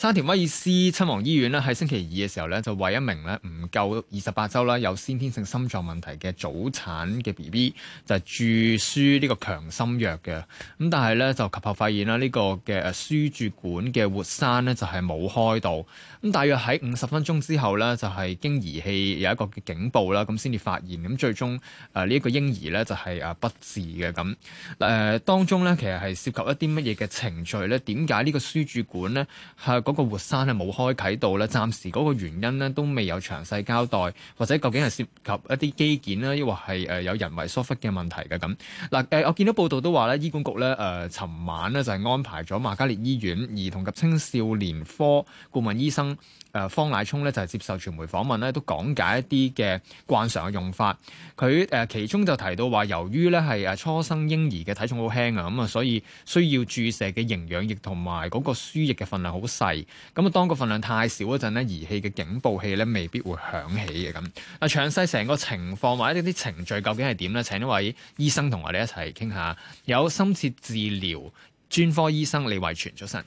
沙田威爾斯親王醫院呢喺星期二嘅時候呢就為一名呢唔夠二十八週啦，有先天性心臟問題嘅早產嘅 B B 就係注輸呢個強心藥嘅。咁但係呢，就及後發現啦，呢個嘅輸注管嘅活栓呢，就係冇開到。咁大約喺五十分鐘之後呢，就係經儀器有一個警報啦，咁先至發現。咁最終誒呢一個嬰兒呢就係誒不治嘅咁誒。當中呢，其實係涉及一啲乜嘢嘅程序呢？點解呢個輸注管呢？係？嗰個活栓係冇開啓到咧，暫時嗰個原因咧都未有詳細交代，或者究竟係涉及一啲基建啦，抑或係誒有人為疏忽嘅問題嘅咁。嗱誒，我見到報道都話呢醫管局呢誒，尋、呃、晚咧就係安排咗瑪嘉烈醫院兒童及青少年科顧問醫生。誒方乃聰咧就係接受傳媒訪問咧，都講解一啲嘅慣常嘅用法。佢誒其中就提到話，由於咧係誒初生嬰兒嘅體重好輕啊，咁啊，所以需要注射嘅營養液同埋嗰個輸液嘅分量好細。咁啊，當個分量太少嗰陣咧，儀器嘅警報器咧未必會響起嘅咁。啊，詳細成個情況或者呢啲程序究竟係點呢？請一位醫生同我哋一齊傾下。有深切治療專科醫生李衛全，早晨。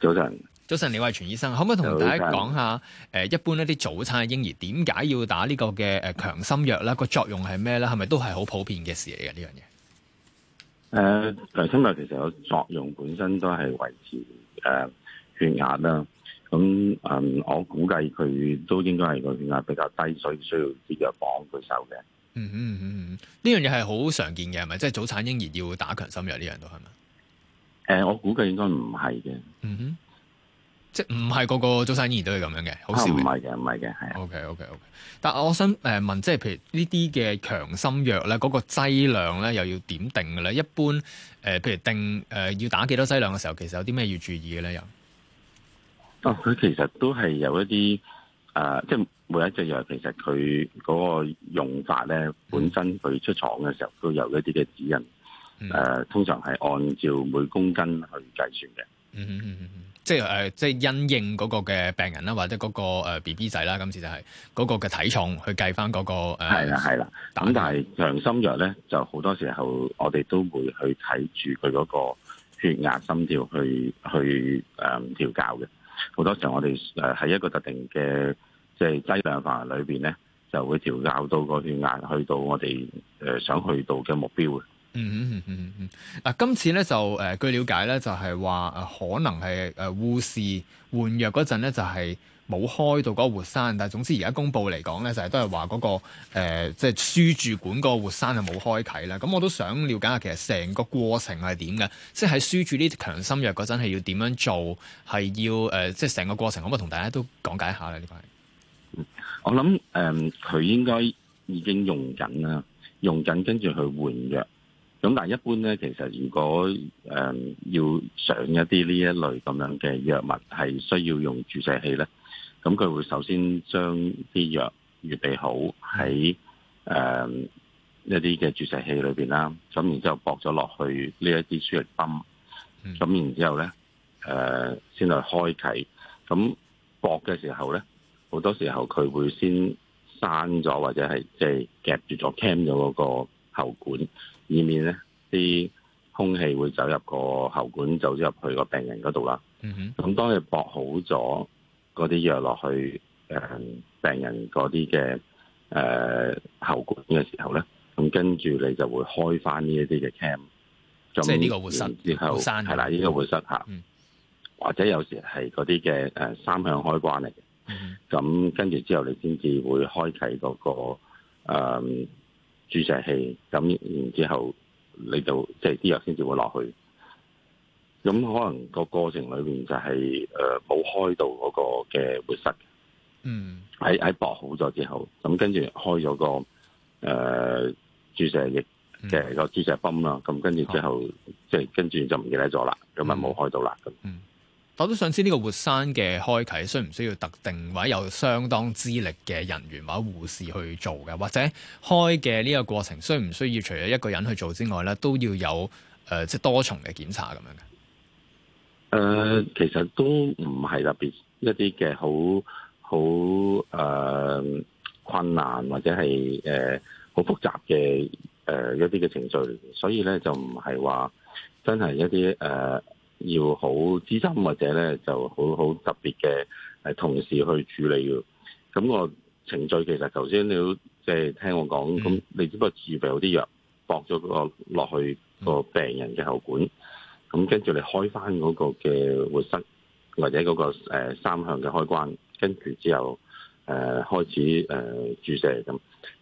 早晨。早晨，李衛全醫生，可唔可以同大家講下誒，一般一啲早產嘅嬰兒點解要打呢個嘅誒強心藥咧？個作用係咩咧？係咪都係好普遍嘅事嚟嘅呢樣嘢？誒、呃，強心藥其實個作用本身都係維持誒、呃、血壓啦。咁誒、呃，我估計佢都應該係個血壓比較低，所以需要啲藥幫佢手嘅。嗯嗯嗯嗯，呢樣嘢係好常見嘅，係咪？即係早產嬰兒要打強心藥呢樣都係咪？誒，我估計應該唔係嘅。嗯哼。即係唔係個個中山醫院都係咁樣嘅，好少。唔係嘅，唔係嘅，係。O K O K O K。Okay, okay, okay. 但我想誒問，即係譬如呢啲嘅強心藥咧，嗰、那個劑量咧又要點定嘅咧？一般誒、呃、譬如定誒、呃、要打幾多劑量嘅時候，其實有啲咩要注意嘅咧？又哦，佢其實都係有一啲誒、呃，即係每一隻藥其實佢嗰個用法咧，本身佢出廠嘅時候都有一啲嘅指引。誒、嗯呃，通常係按照每公斤去計算嘅。嗯嗯嗯。即係誒、呃，即係因應嗰個嘅病人啦，或者嗰、嗰個、呃、B B 仔啦，今次就係、是、嗰、嗰個嘅體重去計翻嗰、嗰個誒。係啦、呃，係啦。咁、呃、但係強心藥咧，就好多時候我哋都會去睇住佢嗰個血壓、心跳去去誒、呃、調校嘅。好多時候我哋誒喺一個特定嘅即係劑量範圍裏邊咧，就會調校到個血壓去到我哋誒、呃、想去到嘅目標嘅。嗯嗯嗯嗯嗯，嗱、嗯嗯嗯啊、今次咧就誒、呃、據了解咧，就係話誒可能係誒、呃、護士換藥嗰陣咧，就係、是、冇開到嗰個活栓。但係總之而家公佈嚟講咧，就係、是、都係話嗰個即係輸注管嗰個活栓係冇開啟啦。咁我都想了解下，其實成個過程係點嘅？即係喺輸注呢啲強心藥嗰陣係要點樣做？係要誒、呃、即係成個過程可唔可以同大家都講解下咧？呢個係我諗誒，佢、呃、應該已經用緊啦，用緊跟住去換藥。咁但係一般咧，其實如果誒、呃、要上一啲呢一類咁樣嘅藥物，係需要用注射器咧，咁佢會首先將啲藥預備好喺誒、呃、一啲嘅注射器裏邊啦，咁然之後駁咗落去呢一啲輸液泵，咁然之後咧誒、呃、先去開啟，咁駁嘅時候咧，好多時候佢會先閂咗或者係即係夾住咗 cam 咗嗰個喉管。以免咧啲空氣會走入個喉管，走咗入去個病人嗰度啦。咁、嗯、哼當你駁好咗嗰啲藥落去誒、嗯、病人嗰啲嘅誒喉管嘅時候咧，咁跟住你就會開翻呢一啲嘅 cam。即係呢個活塞，活塞係啦，呢、呢個活塞嚇，嗯、哼或者有時係嗰啲嘅三向開關嚟嘅。咁、嗯、哼跟住之後，你先至會開啟嗰、嗰個、呃注射器，咁然之後你就即係啲藥先至會落去，咁可能個過程裏邊就係誒冇開到嗰個嘅活塞，嗯，喺喺駁好咗之後，咁跟住開咗、那個誒、呃、注射液嘅、嗯、個注射泵啦，咁跟住之後即係跟住就唔記得咗啦，咁咪冇開到啦，咁、嗯。嗯我都想知呢個活栓嘅開啟需唔需要特定或者有相當資歷嘅人員或者護士去做嘅，或者開嘅呢一個過程需唔需要除咗一個人去做之外呢，都要有誒、呃、即係多重嘅檢查咁樣嘅。誒、呃，其實都唔係特別一啲嘅好好誒困難或者係誒好複雜嘅誒、呃、一啲嘅程序，所以呢，就唔係話真係一啲誒。呃要好資深或者咧就好好特別嘅同事去處理嘅，咁個程序其實頭先你都即係聽我講，咁、嗯、你只不過自備好啲藥，駁咗個落去個病人嘅喉管，咁跟住你開翻嗰個嘅活塞或者嗰、嗰個、呃、三向嘅開關，跟住之後、呃、開始、呃、注射咁。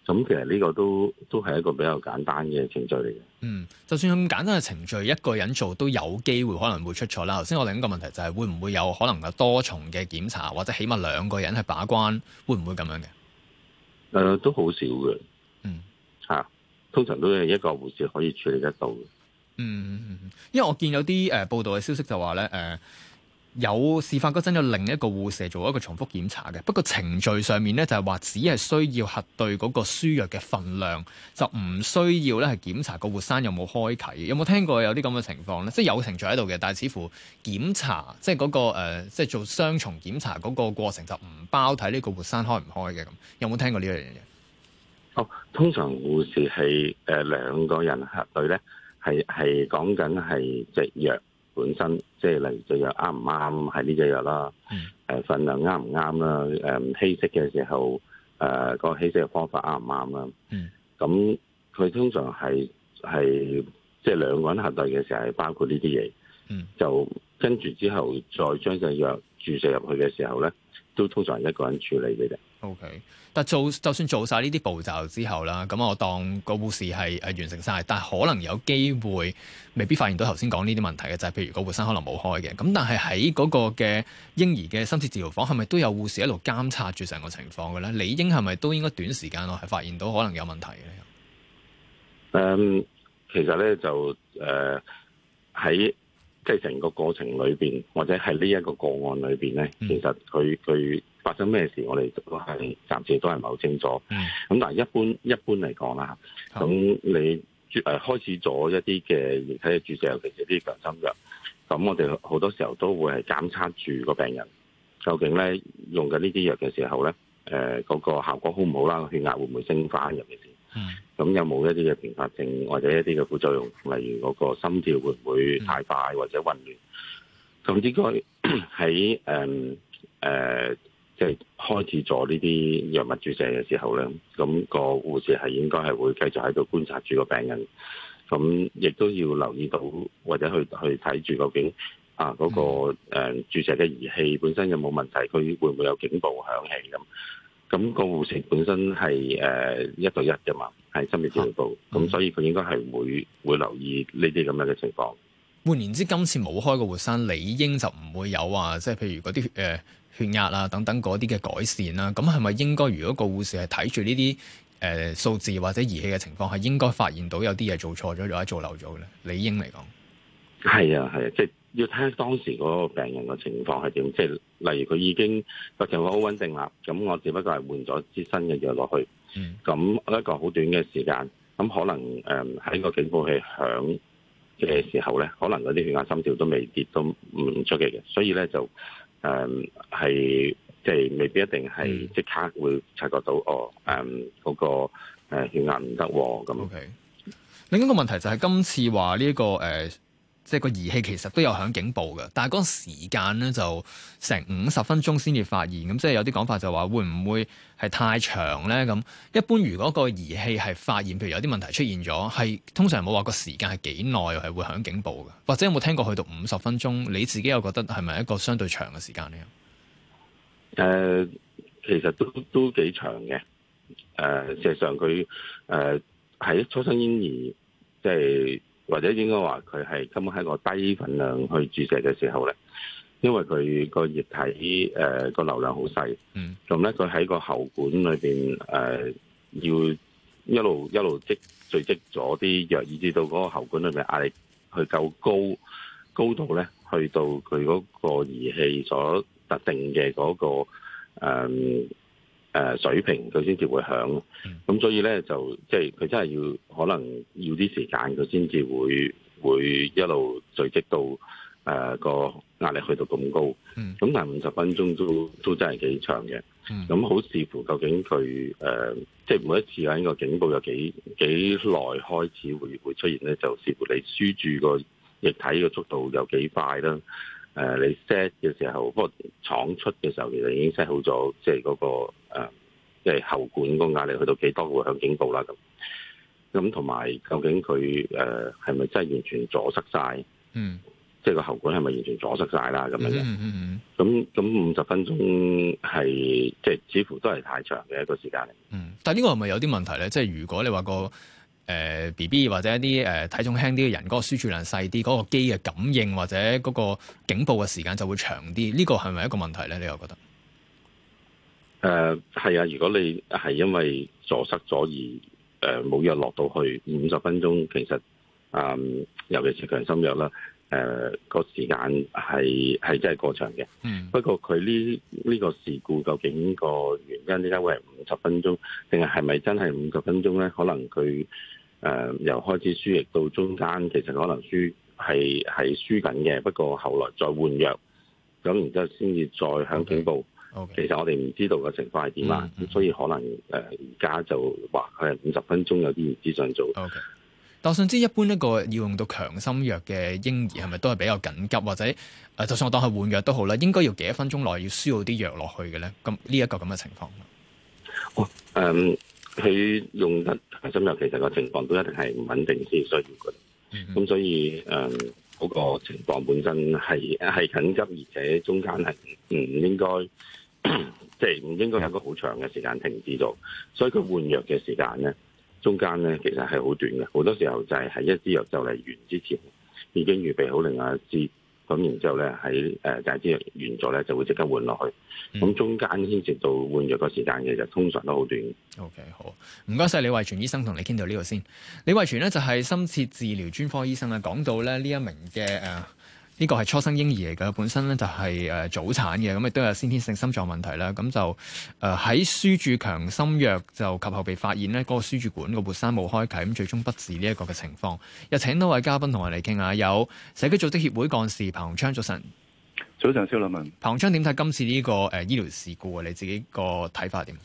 咁其實呢個都都係一個比較簡單嘅程序嚟嘅。嗯，就算咁簡單嘅程序，一個人做都有機會可能會出錯啦。頭先我另一個問題就係，會唔會有可能有多重嘅檢查，或者起碼兩個人去把關，會唔會咁樣嘅？誒、呃，都好少嘅。嗯，吓、啊，通常都係一個護士可以處理得到嘅嗯。嗯，因為我見有啲誒、呃、報道嘅消息就話咧，誒、呃。有事發嗰陣，有另一個護士做一個重複檢查嘅。不過程序上面咧，就係話只係需要核對嗰個輸藥嘅份量，就唔需要咧係檢查嗰個活栓有冇開啟。有冇聽過有啲咁嘅情況咧？即係有程序喺度嘅，但係似乎檢查即係、那、嗰個、呃、即係做雙重檢查嗰個過程就唔包睇呢個活栓開唔開嘅咁。有冇聽過呢樣嘢？哦，通常護士係誒、呃、兩個人核對咧，係係講緊係隻藥，本身即係例如隻藥啱唔啱係呢隻藥啦，誒、嗯呃、份量啱唔啱啦，誒、嗯、唔稀釋嘅時候，誒、呃個稀釋嘅方法啱唔啱啦，咁佢、嗯、通常係係即係兩個人核對嘅時候，係包括呢啲嘢，嗯、就跟住之後再將隻藥注射入去嘅時候咧，都通常係一個人處理嘅啫。O、okay. K，但做就算做晒呢啲步驟之後啦，咁我當個護士係誒完成晒，但係可能有機會未必發現到頭先講呢啲問題嘅，就係、是、譬如個護生可能冇開嘅，咁但係喺嗰個嘅嬰兒嘅深切治療房係咪都有護士一路監察住成個情況嘅咧？理應係咪都應該短時間內係發現到可能有問題嘅咧？誒，其實咧就誒喺、呃、即係成個過程裏邊，或者係呢一個個案裏邊咧，嗯、其實佢佢。發生咩事，我哋都係暫時都係唔係好清楚。咁的但係一般一般嚟講啦，咁、嗯、你誒、呃、開始咗一啲嘅液體嘅注射，尤其是啲強心藥，咁我哋好多時候都會係監測住個病人究竟咧用緊呢啲藥嘅時候咧，誒、呃、嗰、那個效果好唔好啦？血壓會唔會升翻入邊先？咁的有冇一啲嘅併發症或者一啲嘅副作用，例如嗰個心跳會唔會太快、嗯、或者混亂？咁應該喺誒誒。呃呃開始咗呢啲藥物注射嘅時候咧，咁、那個護士係應該係會繼續喺度觀察住個病人，咁亦都要留意到或者去去睇住，究竟啊嗰、那個誒、嗯呃、注射嘅儀器本身有冇問題，佢會唔會有警報響起咁？咁、那個護士本身係誒一對一噶嘛，係深切治療部，咁、嗯、所以佢應該係會會留意呢啲咁樣嘅情況。換言之，今次冇開個活栓，理應就唔會有話、啊，即係譬如嗰啲誒。呃血壓啊等等嗰啲嘅改善啦，咁係咪應該如果個護士係睇住呢啲誒數字或者儀器嘅情況，係應該發現到有啲嘢做錯咗或者做漏咗嘅咧？理應嚟講，係啊係啊，即係、啊就是、要睇當時嗰個病人嘅情況係點。即、就、係、是、例如佢已經個情況好穩定啦，咁我只不過係換咗支新嘅藥落去，咁、嗯、一個好短嘅時間，咁可能誒喺、呃、個警報器響嘅時候咧，可能嗰啲血壓心跳都未跌，都唔出奇嘅，所以咧就。誒係即係未必一定係即刻會察覺到哦，誒、um, 嗰個誒血壓唔得咁。Okay. 另一個問題就係今次話呢、呢個、呃即係個儀器其實都有響警報嘅，但係嗰個時間咧就成五十分鐘先至發現，咁即係有啲講法就話會唔會係太長咧？咁一般如果個儀器係發現，譬如有啲問題出現咗，係通常冇話個時間係幾耐係會響警報嘅，或者有冇聽過去到五十分鐘？你自己又覺得係咪一個相對長嘅時間咧？誒、呃，其實都都幾長嘅。誒、呃，實際上佢誒喺初生嬰兒即係。就是或者應該話佢係根本喺個低份量去注射嘅時候咧，因為佢個液體誒個、呃、流量好細，咁咧佢喺個喉管裏邊誒要一路一路積聚積咗啲藥，以至到嗰個喉管裏邊壓力去夠高高度咧，去到佢嗰個儀器所特定嘅嗰個、那個、嗯誒、呃、水平佢先至會響，咁所以咧就即係佢真係要可能要啲時間，佢先至會會一路累積到誒、呃、個壓力去到咁高。咁、嗯、但係五十分鐘都都真係幾長嘅。咁好、嗯、視乎究竟佢誒、呃，即係每一次喺個警報有幾幾耐開始會會出現咧，就視乎你輸注個液體嘅速度有幾快啦。誒、呃，你 set 嘅時候，不過廠出嘅時候，其實已經 set 好咗，即係嗰個。即係喉管個壓力去到幾多會響警報啦咁，咁同埋究竟佢誒係咪真係完全阻塞晒？嗯，即係個喉管係咪完全阻塞晒啦咁樣？嗯嗯嗯。咁咁五十分鐘係即係似乎都係太長嘅一個時間嚟。嗯。但係呢個係咪有啲問題咧？即係如果你話個誒、呃、B B 或者一啲誒、呃、體重輕啲嘅人，嗰、那個輸注量細啲，嗰、那個機嘅感應或者嗰個警報嘅時間就會長啲，呢、這個係咪一個問題咧？你又覺得？誒，係、呃、啊！如果你係因為阻塞咗而誒冇藥落到去五十分鐘，其實誒、呃，尤其是強心藥啦，誒、呃、個時間係係真係過長嘅。嗯、不過佢呢呢個事故究竟個原因點解會係五十分鐘，定係係咪真係五十分鐘咧？可能佢誒由開始輸液到中間，其實可能輸係係輸緊嘅，不過後來再換藥，咁然之後先至再響警報。Okay. Okay. 其實我哋唔知道個情況係點啦，咁、嗯嗯、所以可能誒而家就話佢係五十分鐘有啲唔知想做。O、okay. K.，但我想知一般一個要用到強心藥嘅嬰兒係咪都係比較緊急，或者誒、呃、就算我當佢換藥都好啦，應該要幾多分鐘內要輸到啲藥落去嘅咧？咁呢一個咁嘅情況。哇、哦，誒、嗯，佢用強心藥其實個情況都一定係唔穩定先需要嘅，咁、嗯、所以誒嗰、呃那個情況本身係係緊急，而且中間係唔應該。即係唔應該有一個好長嘅時間停止到，所以佢換藥嘅時間咧，中間咧其實係好短嘅，好多時候就係喺一支藥就嚟完之前，已經預備好另外一支，咁然之後咧喺誒，第一支藥完咗咧就會即刻換落去，咁中間牽涉到換藥個時間嘅就通常都好短。OK，好，唔該晒李衛全醫生同你傾到呢度先。李衛全呢就係深切治療專科醫生啊，講到咧呢一名嘅誒。呢個係初生嬰兒嚟嘅，本身咧就係誒早產嘅，咁亦都有先天性心臟問題啦。咁就誒喺輸注強心藥就及後被發現咧，個輸注管個活栓冇開啟，咁最終不治呢一個嘅情況。又請多位嘉賓同我哋傾下，有社區組織協會幹事彭昌早晨，早晨，肖立文，彭昌點睇今次呢、這個誒、呃、醫療事故啊？你自己個睇法點？誒、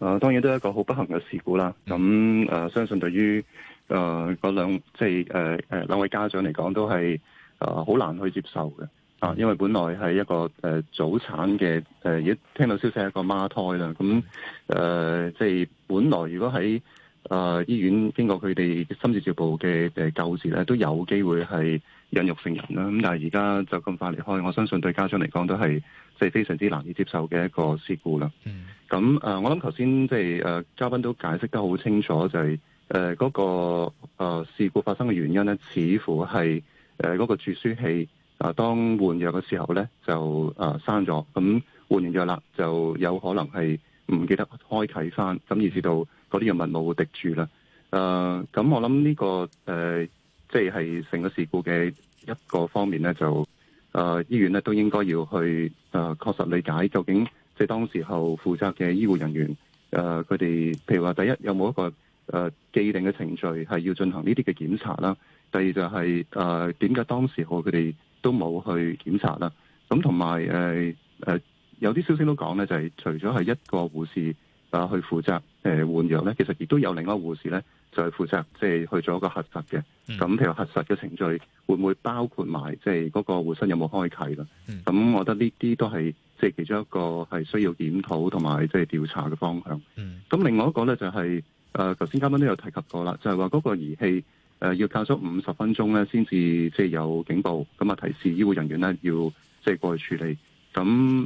呃、當然都係一個好不幸嘅事故啦。咁誒、嗯呃、相信對於誒嗰兩即係誒誒兩位家長嚟講都係。啊，好、呃、難去接受嘅啊，因為本來係一個誒、呃、早產嘅誒，而、呃、聽到消息係一個孖胎啦。咁誒，即、呃、係、就是、本來如果喺誒、呃、醫院經過佢哋深切治療部嘅誒救治咧，都有機會係孕育成人啦。咁但係而家就咁快離開，我相信對家長嚟講都係即係非常之難以接受嘅一個事故啦。咁誒、嗯嗯呃，我諗頭先即係誒嘉賓都解釋得好清楚、就是，就係誒嗰個誒、呃、事故發生嘅原因咧，似乎係。誒，嗰、呃那個注輸器啊，當換藥嘅時候咧，就誒閂咗，咁、呃、換完藥啦，就有可能係唔記得開啟翻，咁以至到嗰啲藥物冇滴住啦。誒、呃，咁我諗呢、這個誒，即係成個事故嘅一個方面咧，就誒、呃、醫院咧都應該要去誒確、呃、實理解究竟即係、就是、當時候負責嘅醫護人員誒，佢、呃、哋譬如話第一有冇一個誒、呃、既定嘅程序係要進行這些檢呢啲嘅檢查啦？第二就係誒點解當時佢哋都冇去檢查啦？咁同埋誒誒有啲、呃呃、消息都講咧，就係、是、除咗係一個護士啊去負責誒、呃、換藥咧，其實亦都有另一個護士咧在、就是、負責即係、就是、去做一個核實嘅。咁、嗯、譬如核實嘅程序會唔會包括埋即係嗰個活栓有冇開啟啦？咁、嗯、我覺得呢啲都係即係其中一個係需要檢討同埋即係調查嘅方向。咁、嗯、另外一個咧就係誒頭先嘉賓都有提及過啦，就係話嗰個儀器。要靠足五十分鐘咧，先至即係有警報，咁啊提示醫護人員咧要即係過去處理。咁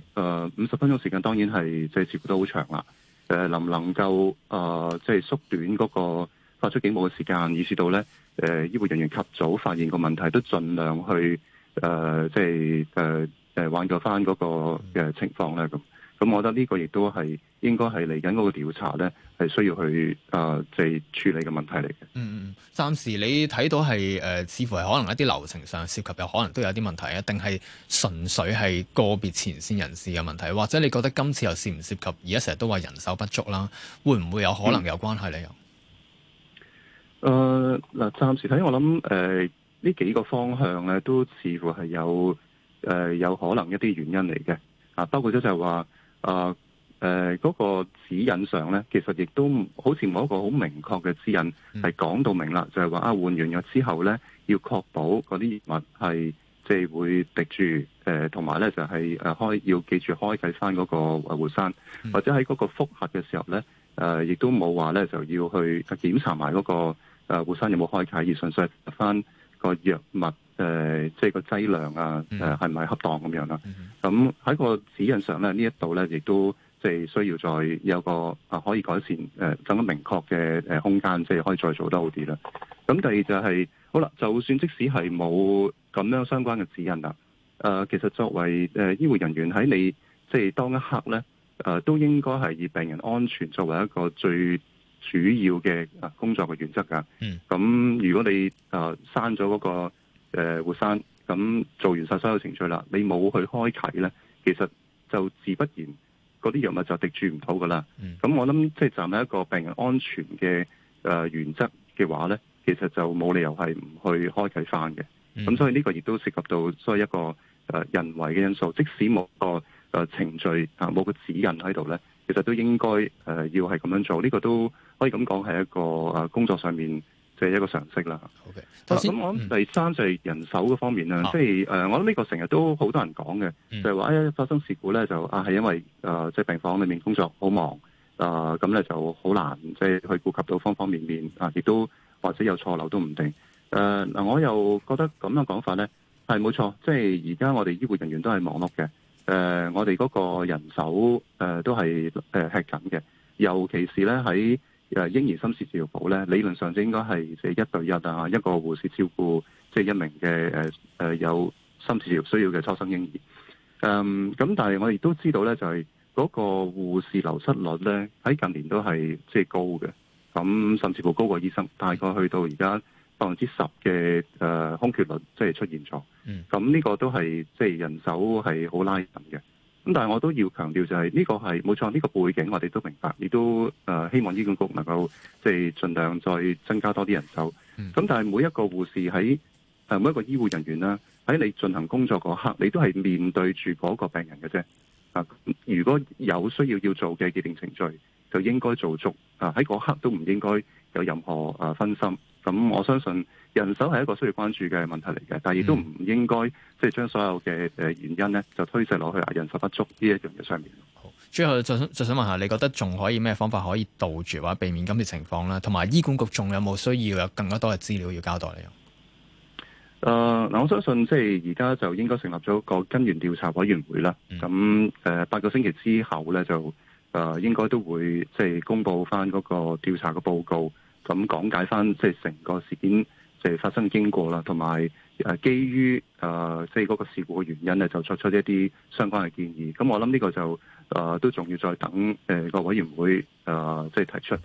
五十分鐘時間當然係即係似乎都好長啦。能唔能夠即係、呃就是、縮短嗰個發出警報嘅時間，以示到咧誒、呃、醫護人員及早發現個問題，都盡量去誒即係、呃就是呃、挽救翻嗰個嘅、呃、情況咧咁。咁，我覺得呢個亦都係應該係嚟緊嗰個調查咧，係需要去啊，即係處理嘅問題嚟嘅。嗯嗯，暫時你睇到係誒、呃，似乎係可能一啲流程上涉及，有可能都有啲問題啊，定係純粹係個別前線人士嘅問題，或者你覺得今次又涉唔涉及？而家成日都話人手不足啦，會唔會有可能有關係咧？又誒嗱，暫時睇我諗誒，呢、呃、幾個方向咧都似乎係有誒、呃、有可能一啲原因嚟嘅啊，包括咗就係話。啊，誒嗰、呃，那個指引上咧，其實亦都好似冇一個好明確嘅指引係講到明啦，就係話啊，換完藥之後咧，要確保嗰啲藥物係即係會滴住，誒同埋咧就係、是、誒開要記住開計啟翻嗰個誒活栓，嗯、或者喺嗰個複核嘅時候咧，誒、呃、亦都冇話咧就要去檢查埋嗰個誒活栓有冇開啟，而純粹係翻個藥物。誒，即係、呃就是、個劑量啊，誒、呃，係唔係恰當咁樣啦？咁喺、mm hmm. 個指引上咧，呢一度咧，亦都即係需要再有個啊，可以改善誒、呃，更加明確嘅誒空間，即、就、係、是、可以再做得好啲啦。咁第二就係、是、好啦，就算即使係冇咁樣相關嘅指引啦，誒、呃，其實作為誒、呃、醫護人員喺你即係、就是、當一刻咧，誒、呃，都應該係以病人安全作為一個最主要嘅啊工作嘅原則噶。咁、mm hmm. 如果你誒刪咗嗰個。誒、呃，活栓咁做完晒所有程序啦，你冇去開啟咧，其實就自不然嗰啲藥物就滴住唔到噶啦。咁、mm. 我諗,即係站喺一個病人安全嘅誒、呃、原則嘅話咧，其實就冇理由係唔去開啟翻嘅。咁、mm. 所以呢個亦都涉及到，所謂一個誒、呃、人為嘅因素。即使冇個誒程序吓冇、啊、個指引喺度咧，其實都應該誒、呃、要係咁樣做。呢、這個都可以咁講，係一個誒工作上面。即係一個常識啦。好嘅，okay，首先咁我諗第三就係、是，人手嗰方面咧，即係誒，我諗呢個成日都好多人講嘅。嗯，就係話誒發生事故咧就啊係因為誒即係病房裏面工作好忙誒咁咧就好難即係、就是，去顧及到方方面面啊，亦都或者有錯漏都唔定誒。嗱、呃，我又覺得咁樣講法咧係冇錯，即係而家我哋醫護人員都係忙碌嘅誒、呃，我哋嗰個人手誒、呃、都係誒、呃、吃緊嘅，尤其是咧喺，誒嬰兒深切治療部咧，理論上就應該係即係一對一啊，一個護士照顧即係一名嘅誒誒有深切治療需要嘅初生嬰兒。嗯，咁但係我亦都知道咧，就係嗰個護士流失率咧，喺近年都係即係高嘅，咁甚至乎高過醫生，大概去到而家百分之十嘅誒空缺率，即係出現咗。咁呢個都係即係人手係好拉緊嘅。嗯咁但係我都要強調就係呢個係冇錯，呢、這個背景我哋都明白，亦都誒、呃、希望醫管局能夠即係盡量再增加多啲人手。咁、嗯、但係每一個護士喺、呃、每一個醫護人員啦，喺你進行工作嗰刻，你都係面對住嗰個病人嘅啫。啊，如果有需要要做嘅既定程序，就應該做足。啊，喺嗰刻都唔應該。有任何啊分心，咁我相信人手係一個需要關注嘅問題嚟嘅，但係亦都唔應該即係將所有嘅誒原因咧，就推卸落去啊人手不足呢一樣嘢上面。好，最後就就想問下，你覺得仲可以咩方法可以杜絕話避免今次情況咧？同埋醫管局仲有冇需要有更加多嘅資料要交代你？誒嗱、呃，我相信即係而家就應該成立咗一個根源調查委員會啦。咁誒、嗯，八個星期之後咧，就誒應該都會即係公布翻嗰個調查嘅報告。咁講解翻即係成個事件即係發生經過啦，同埋誒基於誒即係嗰個事故嘅原因咧，就作出一啲相關嘅建議。咁我諗呢個就誒都仲要再等誒個委員會誒、呃、即係提出。誒、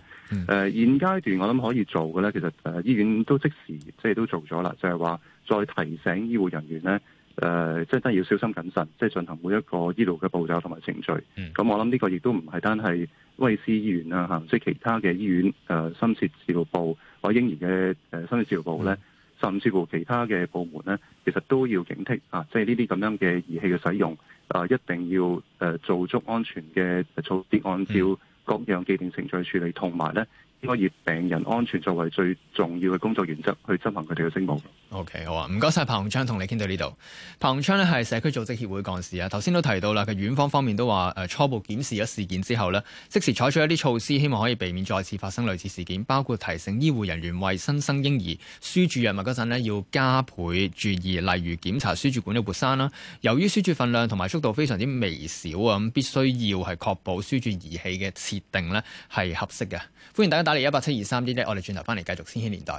呃、現階段我諗可以做嘅咧，其實誒醫院都即時即係都做咗啦，就係話再提醒醫護人員咧。誒，即係、呃、真係要小心謹慎，即係進行每一個醫療嘅步驟同埋程序。咁、mm. 我諗呢個亦都唔係單係威斯醫院啊，吓即係其他嘅醫院誒、呃，深切治療部或嬰兒嘅誒、呃、深切治療部咧，mm. 甚至乎其他嘅部門咧，其實都要警惕啊！即係呢啲咁樣嘅儀器嘅使用，啊、呃，一定要誒、呃、做足安全嘅措施，按照各樣既定程序處理，同埋咧，可以病人安全作為最重要嘅工作原則去執行佢哋嘅任務。OK，好啊，唔該晒彭鴻昌，同你傾到呢度。彭鴻昌呢，係社區組織協會幹事啊。頭先都提到啦，佢院方方面都話，誒，初步檢視咗事件之後呢，即時採取一啲措施，希望可以避免再次發生類似事件，包括提醒醫護人員為新生嬰兒輸注藥物嗰陣呢，要加倍注意，例如檢查輸注管嘅活栓啦。由於輸注份量同埋速度非常之微小啊，咁必須要係確保輸注儀器嘅設定呢，係合適嘅。歡迎大家打嚟一八七二三啲咧，我哋轉頭翻嚟繼續千禧年代。